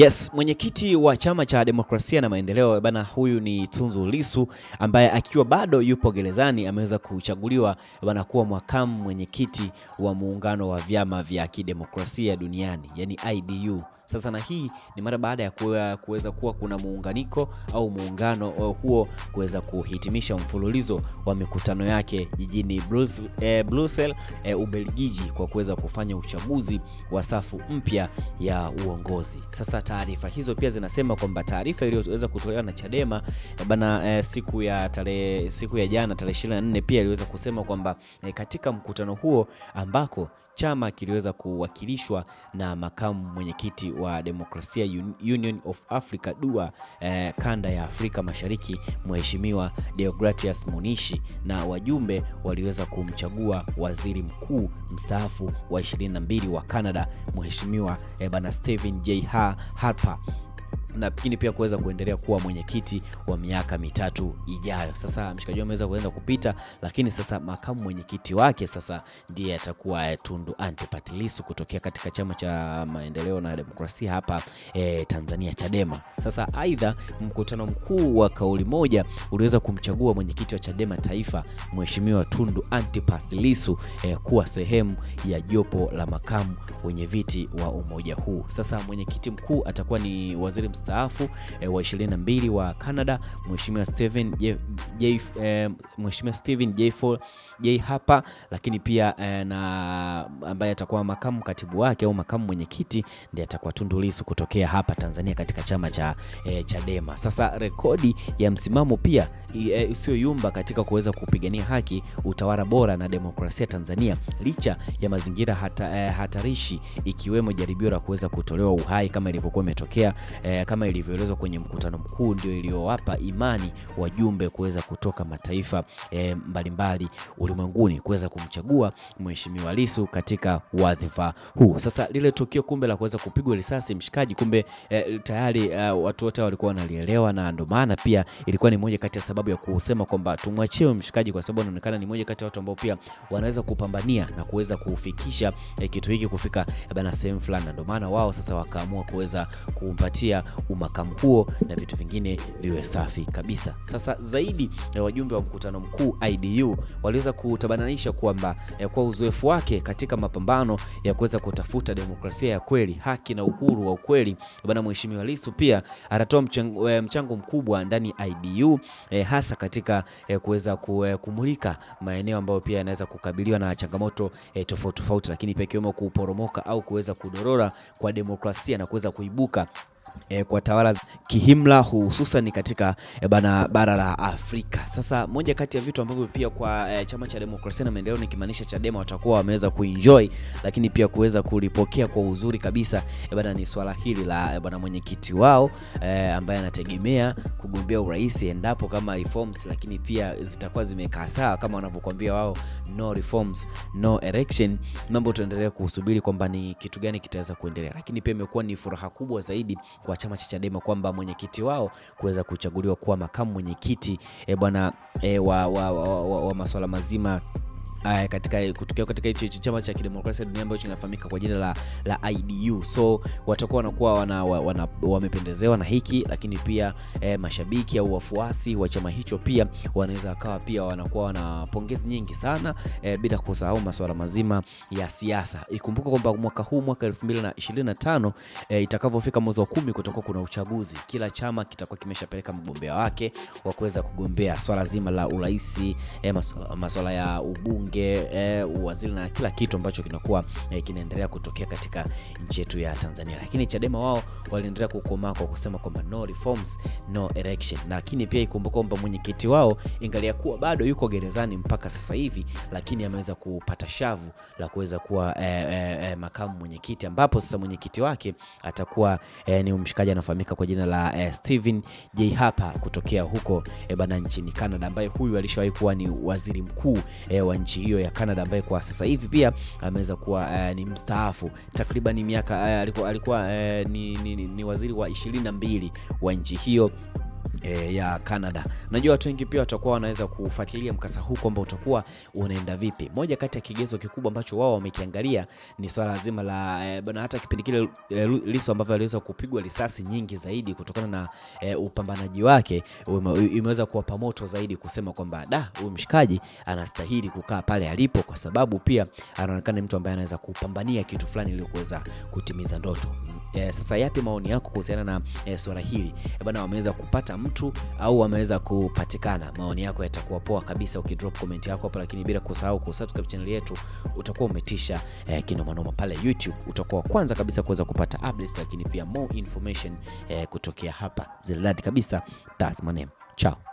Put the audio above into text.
Yes, mwenyekiti wa chama cha demokrasia na maendeleo bana, huyu ni Tundu Lissu ambaye akiwa bado yupo gerezani ameweza kuchaguliwa bana kuwa makamu mwenyekiti wa muungano wa vyama vya kidemokrasia duniani, yani IDU. Sasa na hii ni mara baada ya kuweza kuwa kuna muunganiko au muungano huo kuweza kuhitimisha mfululizo wa mikutano yake jijini eh, Brussels, eh, Ubelgiji kwa kuweza kufanya uchaguzi wa safu mpya ya uongozi. Sasa taarifa hizo pia zinasema kwamba taarifa iliyoweza kutolewa na Chadema eh, bana, eh, siku ya tarehe siku ya jana tarehe 24 pia iliweza kusema kwamba eh, katika mkutano huo ambako chama kiliweza kuwakilishwa na makamu mwenyekiti wa Demokrasia Union of Africa DUA eh, kanda ya Afrika Mashariki, mheshimiwa Deogratias Munishi, na wajumbe waliweza kumchagua waziri mkuu mstaafu wa 22 wa Canada, mheshimiwa eh, bana Stephen J. Harper lakini pia kuweza kuendelea kuwa mwenyekiti wa miaka mitatu ijayo. Sasa mshikaji ameweza kuanza kupita, lakini sasa makamu mwenyekiti wake sasa ndiye atakuwa eh, Tundu Antipas Lissu kutokea katika Chama cha Maendeleo na Demokrasia hapa e, Tanzania Chadema. Sasa aidha, mkutano mkuu wa kauli moja uliweza kumchagua mwenyekiti wa Chadema Taifa Mheshimiwa Tundu Antipas Lissu e, kuwa sehemu ya jopo la makamu wenye viti wa umoja huu. Sasa mwenyekiti mkuu atakuwa ni waziri mstaafu e, wa 22 wa Canada Mheshimiwa Steven J, J, eh, Mheshimiwa Steven J, J hapa, lakini pia e, na ambaye atakuwa makamu katibu wake au makamu mwenyekiti ndiye atakuwa Tundu Lissu kutokea hapa Tanzania katika chama cha eh, Chadema. Sasa rekodi ya msimamo pia isiyoyumba katika kuweza kupigania haki, utawala bora na demokrasia Tanzania, licha ya mazingira hata, e, hatarishi ikiwemo jaribio la kuweza kutolewa uhai kama ilivyokuwa imetokea e, kama ilivyoelezwa kwenye mkutano mkuu ndio iliyowapa imani wajumbe kuweza kutoka mataifa e, mbalimbali ulimwenguni kuweza kumchagua Mheshimiwa Lissu katika wadhifa huu. Sasa lile tukio kumbe la kuweza kupigwa risasi mshikaji, kumbe e, tayari e, watu wote walikuwa wanalielewa, na ndio maana pia ilikuwa ni moja kati ya sababu ya kusema kwamba tumwachie mshikaji, kwa sababu anaonekana ni moja kati ya watu ambao pia wanaweza kupambania na kuweza kufikisha e, kitu hiki kufika bana sehemu fulani, na ndio maana wao sasa wakaamua kuweza kumpatia umakamu huo na vitu vingine viwe safi kabisa. Sasa zaidi ya wajumbe wa mkutano mkuu IDU waliweza kutabananisha kwamba kwa, eh, kwa uzoefu wake katika mapambano ya kuweza kutafuta demokrasia ya kweli, haki na uhuru wa ukweli, bwana Mheshimiwa Lissu pia atatoa eh, mchango mkubwa ndani ya IDU eh, hasa katika eh, kuweza eh, kumulika maeneo ambayo pia yanaweza kukabiliwa na changamoto eh, tofauti tofauti, lakini pia ikiwemo kuporomoka au kuweza kudorora kwa demokrasia na kuweza kuibuka E, kwa tawala kihimla hususan katika e, bana bara la Afrika. Sasa moja kati ya vitu ambavyo pia kwa e, chama cha demokrasia na maendeleo nikimaanisha Chadema watakuwa wameweza kuenjoy, lakini pia kuweza kulipokea kwa uzuri kabisa e, bana ni swala hili la e, bana mwenyekiti wao e, ambaye anategemea kugombea urais endapo kama reforms, lakini pia zitakuwa zimekaa sawa kama wanavyokuambia wao, no reforms no election. Mambo tuendelea kusubiri kwamba ni kitu gani kitaweza kuendelea, lakini pia imekuwa ni furaha kubwa zaidi kwa chama cha Chadema kwamba mwenyekiti wao kuweza kuchaguliwa kuwa makamu mwenyekiti e bwana e, eh, wa, wa, wa, wa, wa, wa masuala mazima uh, katika kutokea katika hicho chama cha kidemokrasia duniani ambacho kinafahamika kwa jina la, la IDU. So watakuwa wanakuwa wana, wana, wamependezewa na hiki, lakini pia eh, mashabiki au wafuasi wa chama hicho pia wanaweza wakawa pia wanakuwa wana pongezi nyingi sana eh, bila kusahau masuala mazima ya siasa. Ikumbuka kwamba mwaka huu mwaka 2025 eh, itakavyofika mwezi wa kumi kutakuwa kuna uchaguzi, kila chama kitakuwa kimeshapeleka mgombea wake wa kuweza kugombea swala zima la urahisi eh, masuala ya ubunge bunge eh, uwaziri na kila kitu ambacho kinakuwa eh, kinaendelea kutokea katika nchi yetu ya Tanzania. Lakini Chadema wao waliendelea kukomaa kwa kusema kwamba no reforms no election, lakini pia ikumbuka kwamba mwenyekiti wao ingalia kuwa bado yuko gerezani mpaka sasa hivi, lakini ameweza kupata shavu la kuweza kuwa eh, eh, eh, makamu mwenyekiti, ambapo sasa mwenyekiti wake atakuwa eh, ni mshikaji anafahamika kwa jina la eh, Steven J hapa kutokea huko eh, bana nchini Canada, ambaye huyu alishawahi kuwa ni waziri mkuu eh, wa nchi nchi hiyo ya Canada ambaye kwa sasa hivi pia ameweza kuwa uh, ni mstaafu takriban miaka uh, alikuwa, alikuwa uh, ni, ni, ni, ni waziri wa 22 wa nchi hiyo E, ya Canada. Najua watu wengi pia watakuwa wanaweza kufuatilia mkasa huu kwamba utakuwa unaenda vipi. Moja kati ya kigezo kikubwa ambacho wao wamekiangalia ni swala zima la e, bwana hata kipindi kile e, Lissu ambavyo aliweza kupigwa risasi nyingi zaidi kutokana na e, upambanaji wake imeweza kuwapa moto zaidi kusema kwamba da, huyu mshikaji anastahili kukaa pale alipo kwa sababu pia anaonekana mtu ambaye anaweza kupambania kitu fulani ili kuweza kutimiza ndoto. E, sasa yapi maoni yako kuhusiana na e, swala hili? E, bwana wameweza kupata kumpata mtu au ameweza kupatikana. Maoni yako yatakuwa poa kabisa ukidrop comment yako hapo, lakini bila kusahau kusubscribe channel yetu, utakuwa umetisha eh, kinoma pale YouTube, utakuwa kwanza kabisa kuweza kupata updates, lakini pia more information eh, kutokea hapa Zildad kabisa. That's my name. Ciao.